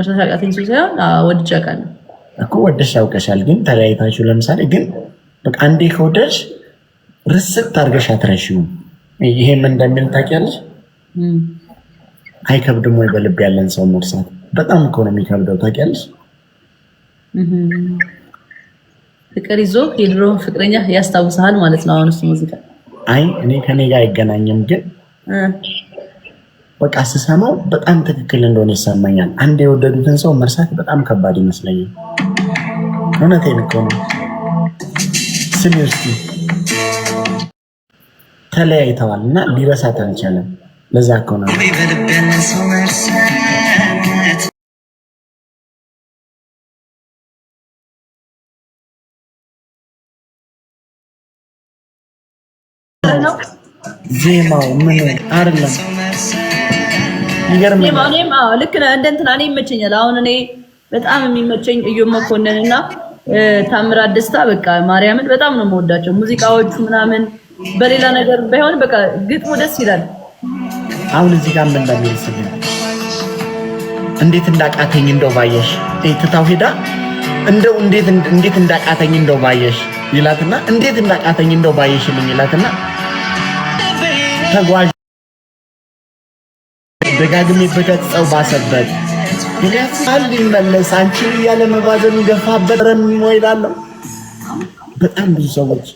መሻሻቃቴን ሰው ሳይሆን ወድጄ አውቃለሁ እኮ ወደሽ ያውቀሻል። ግን ተለያይታችሁ ለምሳሌ ግን በቃ አንዴ ከወደድሽ ርስት አድርገሽ አትረሺውም። ይሄም እንደሚል ታውቂያለሽ። አይከብድም ወይ በልብ ያለን ሰው መርሳት? በጣም እኮ ነው የሚከብደው ታውቂያለሽ። ፍቅር ይዞ የድሮ ፍቅረኛ ያስታውሰሃል ማለት ነው። አሁን እሱ ሙዚቃ አይ እኔ ከኔ ጋር አይገናኝም ግን በቃ ስሰማው በጣም ትክክል እንደሆነ ይሰማኛል። አንድ የወደዱትን ሰው መርሳት በጣም ከባድ ይመስለኛል። እውነቴን እኮ ነው። ስሚ እስኪ ተለያይተዋል እና ሊረሳት አልቻለም። ለዛ እኮ ነው ዜማው ምን አይደለም ልክ እንደ እኔ ይመቸኛል። አሁን እኔ በጣም የሚመቸኝ እዮ መኮንን እና ታምራት ደስታ በቃ ማርያምን በጣም ነው የምወዳቸው ሙዚቃዎቹ ምናምን። በሌላ ነገር ባይሆን በቃ ግጥሙ ደስ ይላል። አሁን እዚህ ጋር ምን እንደሚልስል እንዴት እንዳቃተኝ እንደው ባየሽ ትታው ሄዳ እንደው እንዴት እንዴት እንዳቃተኝ እንደው ባየሽ ይላትና እንዴት እንዳቃተኝ እንደው ባየሽልኝ ይላትና ተጓዥ ደጋግሜ በገጸው ባሰበት ምክንያት አንድ ይመለስ አንቺ እያለ መባዘን ገፋበት ወይ በጣም ብዙ ሰዎች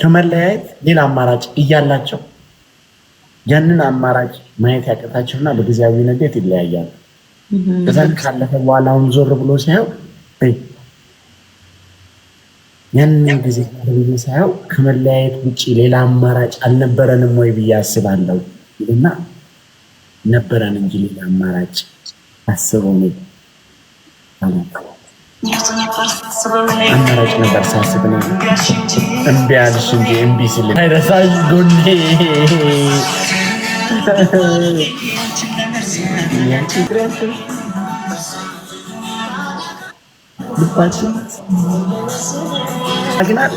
ከመለያየት ሌላ አማራጭ እያላቸው ያንን አማራጭ ማየት ያቀታቸውና በጊዜያዊ ንዴት ይለያያል። ከዛን ካለፈ በኋላ አሁን ዞር ብሎ ሳየው ያንን ጊዜ ሳየው ከመለያየት ውጭ ሌላ አማራጭ አልነበረንም ወይ ብዬ አስባለሁ እና ነበረን እንጂ ሌላ አማራጭ አስበው አማራጭ ነበር ሳስብ ነ እምቢ አልሽ እንጂ እምቢ ስል አይረሳሽ ጎኔ ልባችን አግናለ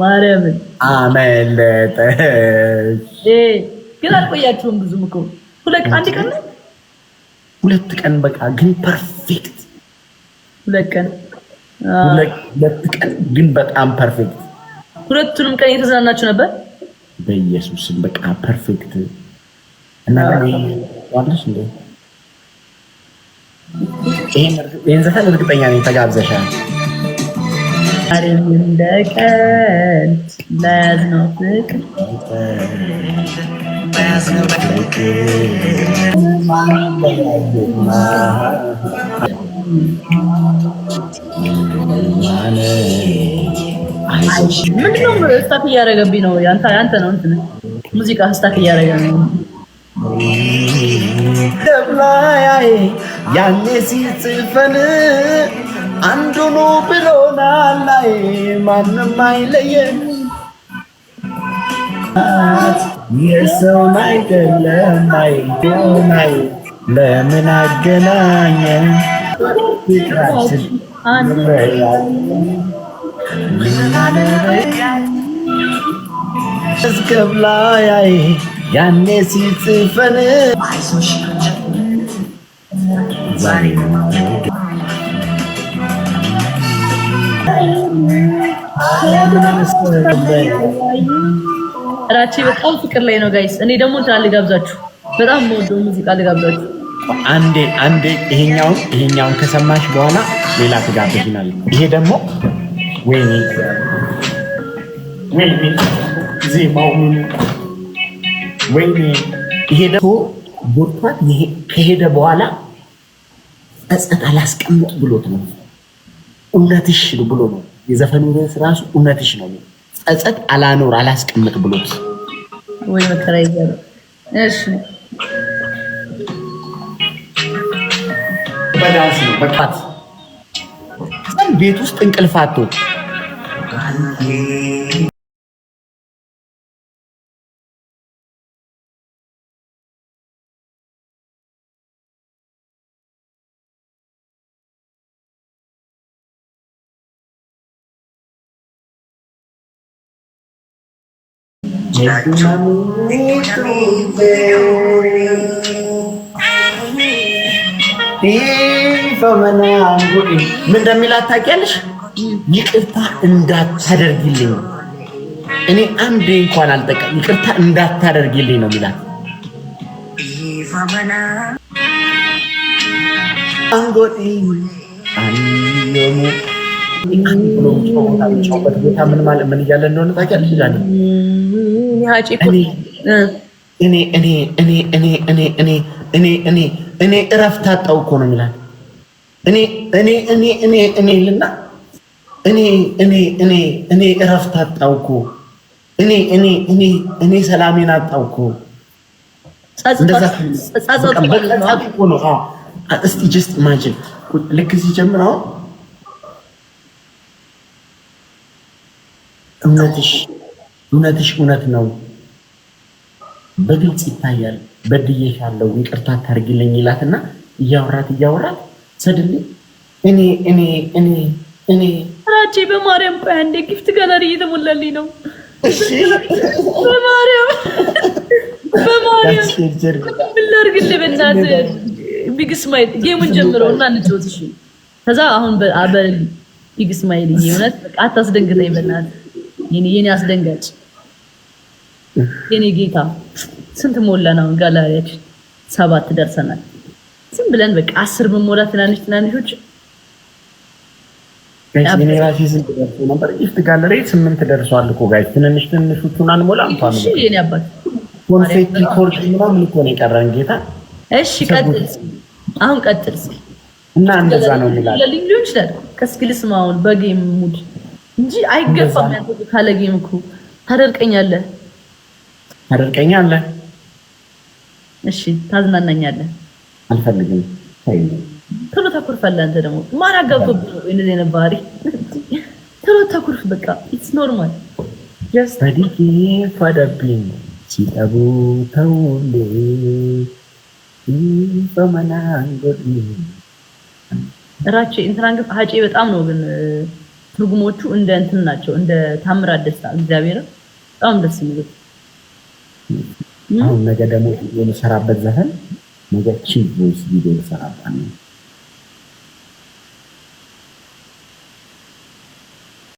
ማርያምን አመለጠሽ። ግን አልቆያችሁም ብዙም እኮ ሁለት አንድ ቀን ነው ሁለት ቀን በቃ ግን ፐርፌክት ሁለት ቀን ሁለት ቀን ግን በጣም ፐርፌክት። ሁለቱንም ቀን እየተዝናናችሁ ነበር። በኢየሱስም በቃ ፐርፌክት እና ዋለሽ ይህን ዘፈን እርግጠኛ ነኝ ተጋብዘሻል። ዛሬም እንደ ቀልድ ለያዝነው ፍቅር ምንድነው? ስታክ እያደረገብኝ ነው። ያንተ ያንተ ነው። እንትን ሙዚቃ ስታክ እያደረገ ነው። ያኔ ሲጽፈን አንዱኑ ብሎናል ላይ ማንም አይለየን የሰውን አይደለም አይሆናይ ለምን አገናኘን ፍቅራችን ላይ ያኔ ሲጽፈን ራቼ በጣም ፍቅር ላይ ነው ጋይስ። እኔ ደግሞ እንትን አልጋብዛችሁ፣ በጣም መወደው ሙዚቃ አልጋብዛችሁ። አንዴ አንዴ ይሄኛውን ይሄኛውን ከሰማሽ በኋላ ሌላ ትጋብዝናል። ይሄ ደግሞ ወይኔ ወይኔ ዜማው ወይኔ ይሄ ደግሞ ከሄደ በኋላ ጸጸት አላስቀምጥ ብሎት ነው። እውነትሽ ነው ብሎ ነው የዘፈኑ ርዕስ ራሱ እውነትሽ ነው። ጸጸት አላኖር አላስቀምጥ ብሎት ወይ መከራ ይዘሩ። እሺ በዳንስ ነው በቃት ቤት ውስጥ እንቅልፋቶ ናቸው። ምን እንደሚላት ታውቂያለሽ? ይቅርታ እንዳታደርጊልኝ እኔ አንዴ እንኳን አልጠቃ ይቅርታ እንዳታደርግልኝ ነው የሚላት። አንጎ ጫውበት ቦታ ምን ማለት ምን እያለ እንደሆነ ታውቂያለሽ? እኔ እረፍት አጣሁ እኮ ነው የሚላል። እኔ እኔ እኔ እኔ ልና እኔ እኔ እኔ እኔ እረፍት አጣሁ እኮ እኔ እኔ እኔ እኔ ሰላሜን አጣሁ እኮ ነው። እስቲ ጀስት ኢማጂን ልክ ሲጀምር አሁን እውነትሽ እውነትሽ እውነት ነው፣ በግልጽ ይታያል። በድዬሽ በድዬሻለሁ ይቅርታ ታርጊልኝ ይላትና እያወራት እያወራት ሰድል እኔ እኔ እኔ እኔ ራቼ በማርያም ቆይ አንዴ ጊፍት ጋለሪ እየተሞላልኝ ነው። በማርያም በማርያም ምን ላድርግልህ? በእናትህ ቢግ ስማይል ጌሙን ጀምረው እና እንጫወት እሺ። ከዛ አሁን በቢግ ስማይል እውነት አታስደንግጠኝ በእናትህ የኔ አስደንጋጭ የኔ ጌታ ስንት ሞላን? አሁን ጋላሪያችን ሰባት ደርሰናል። ዝም ብለን በቃ አስር ብንሞላ ትናንሽ ትናንሾች ስንት ጋለሪ ስምንት ደርሷል እኮ ጋይ ትንንሽ አንሞላ እንኳን አባት ምናምን እኮ ነው የቀረን ጌታ። እሺ ቀጥል፣ አሁን ቀጥል እና እንደዛ ነው ይላል። ከስኪልስ ማሁን በጌም ሙድ እንጂ አይገፋም። ያንተ ካለ እኮ ታደርቀኛለህ፣ ታደርቀኛለህ። እሺ ታዝናናኛለህ። አልፈልግም። ቶሎ ተኩርፋለህ። አንተ ደግሞ ማን አጋብቶብህ ነው እንደዚህ አይነት ባህሪ? ቶሎ ተኩርፍ። በቃ ኢትስ ኖርማል። ጀስት ታዲቂ ፋዳብኝ ሲጠቡ ተውሌ በመናንጎድ ራቼ እንትናን ሀጬ በጣም ነው ግን ትርጉሞቹ እንደ እንትን ናቸው፣ እንደ ታምራት ደስታ። እግዚአብሔር በጣም ደስ የሚሉት። አሁን ነገ ደግሞ የምሰራበት ዘፈን ነገ ቺ ቮይስ ቪዲዮ ልሰራባት ነው